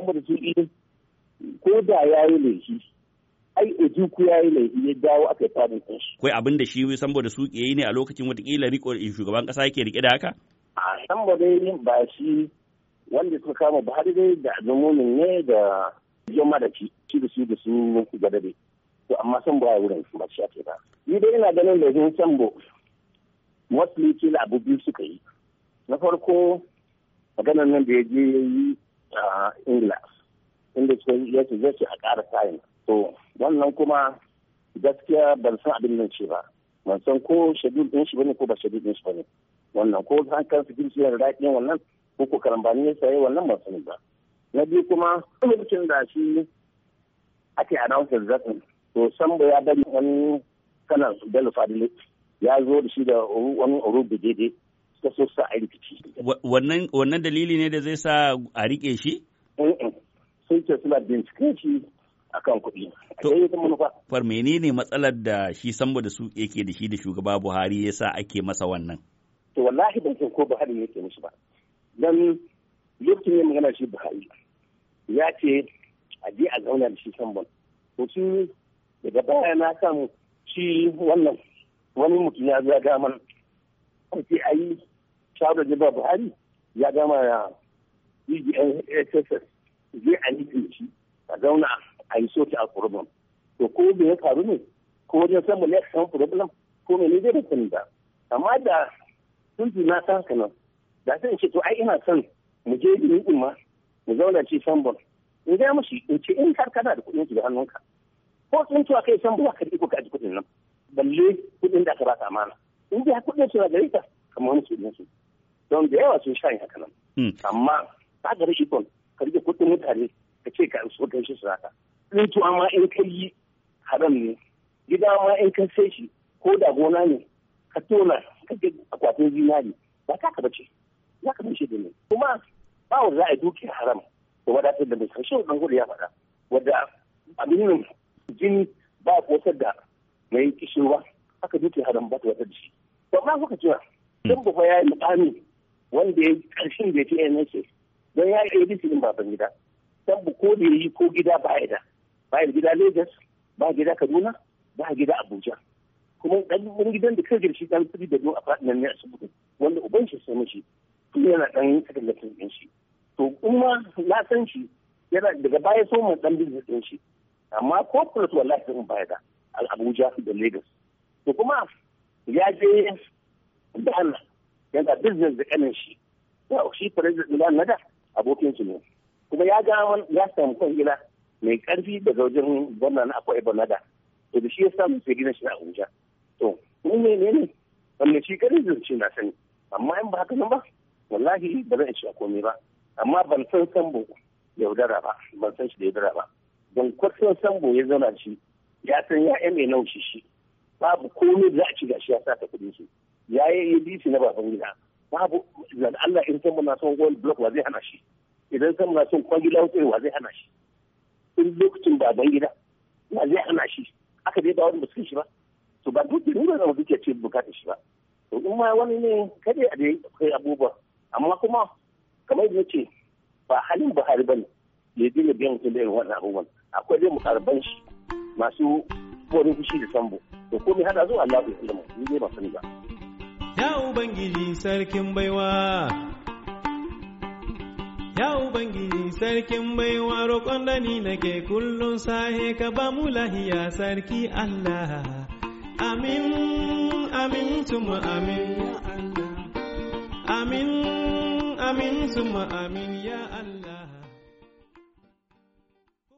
saboda ko da ya yi laifi ai Ojukwu ya yi laifi ya dawo aka yi fadin Kai abin da shi saboda su ke yi ne a lokacin watakila riko eh, shugaban kasa yake rike da haka? A saboda ba shi wanda suka kama har dai da Azumunin ne da Jomma da shi da su da su gada dai. To amma san ba wurin su ba shi ake ba. Ni dai ina ganin da sun san bo mostly abu biyu suka yi. Na farko maganar nan da ya je ya yi ingila inda ya ce zai ce a ƙara kayan to wannan kuma gaskiya ban san abin nan ce ba ban san ko shadid din shi bane ko ba shadid din shi bane wannan ko san kansu yana da ɗin wannan ko ko karambani ya saye wannan ban sani ba na biyu kuma lokacin da shi ake announcing zaɓin to sambo ya bari wani kanan bello fadile ya zo da shi da wani oro brigade suka so sa a yi rikici wannan dalili ne da zai sa a riƙe shi? Eh, eh. Sun ce suna binciken shi a kan kuɗi. To, far menene matsalar da shi sambo da su yake da shi da shugaba Buhari ya sa ake masa wannan? To, wallahi ban san ko Buhari yake musu ba. Don lokacin ya magana shi Buhari ya ce a je a zauna da shi sambo. To, shi daga baya na samu shi wannan wani mutum ya zaga mana. Ake ayi shawar jibar buhari ya gama ya egn sss zai a nufin shi a zauna a yi soci a problem to ko da ya faru ne ko wajen samun ya samu problem ko mai ne zai da sani ba amma da sun na san kanan da sai in ce to ai ina son mu je yi din ma mu zauna ci sambon in ga mushi in ce in har kana da kuɗin shiga hannunka ko sun cewa kai sambon ka iko ka ji kuɗin nan balle kuɗin da aka ba ta amana in dai kuɗin shiga gare ka kamar musu ɗin su don da yawa sun sha haka nan hmm. amma ta gari ikon ka rike kuɗin mutane ka ce ka iso kai shi su haka tsintu amma in ka yi haram ne gida ma in ka sai shi ko da gona ne ka tona ka ga akwatin zinari ba ta ka bace ya ka bace da ne kuma ba wa za a yi dukiyar haram da wadatar da mai shi ɗan ya faɗa wadda abin nan jini ba a kosar da mai kishin ruwa haka dukiyar haram ba ta wata da shi don ma kuka cewa don hmm. ba ya yi mukami wanda ya karshen da ya ce. nhs don ya yi abc din baban gida tabbu ko da ya yi ko gida ba ya da ba ya gida lagos ba gida kaduna ba gida abuja kuma ɗan gidan da kai girshi ɗan kudi da a faɗin ne asibiti wanda uban shi sai mishi tun yana ɗan sakalatin ɗin shi to kuma na san shi yana daga baya so mu ɗan bizis ɗin shi amma ko plus wallahi ɗin baya da abuja da lagos to kuma ya je da Allah yana business da shi ya shi president Milan da abokin shi ne kuma ya ga ya samu kwangila mai karfi daga wajen gwamnan akwai da to da shi ya samu sai gina shi na Abuja to mu ne ne ne wanda shi karin zance na sani amma in ba haka nan ba wallahi ba zan shiga komai ba amma ban san sambo yaudara ba ban san shi da yaudara ba don kwasan sambo ya zauna shi ya san ya mai naushi shi babu komai da za a ci shi ya sa ta kudin shi ya yi DC na baban gida babu da Allah in san muna son gold block wa zai hana shi idan san muna son kwangila lauke wa zai hana shi in lokacin baban gida wa zai hana shi aka dai ba wani ba shi ba to ba duk da nuna da ce bukatar shi ba to in ma wani ne kada a dai kai abubuwa amma kuma kamar da ce ba halin Buhari ne ya dinga biyan mutum da irin wannan abubuwan akwai dai mukarban shi masu borin fushi da sambo ko komai hada zuwa Allah ya ilmu ni dai ba sani ba Ya Ubangiji sarkin baiwa, Ya Ubangiji sarkin baiwa roƙon da ni nake kullum sahe ka ba mu lahiya sarki Allah. Amin, amin, tuma amin, ya Allah. Amin, amin, tuma amin, ya Allah.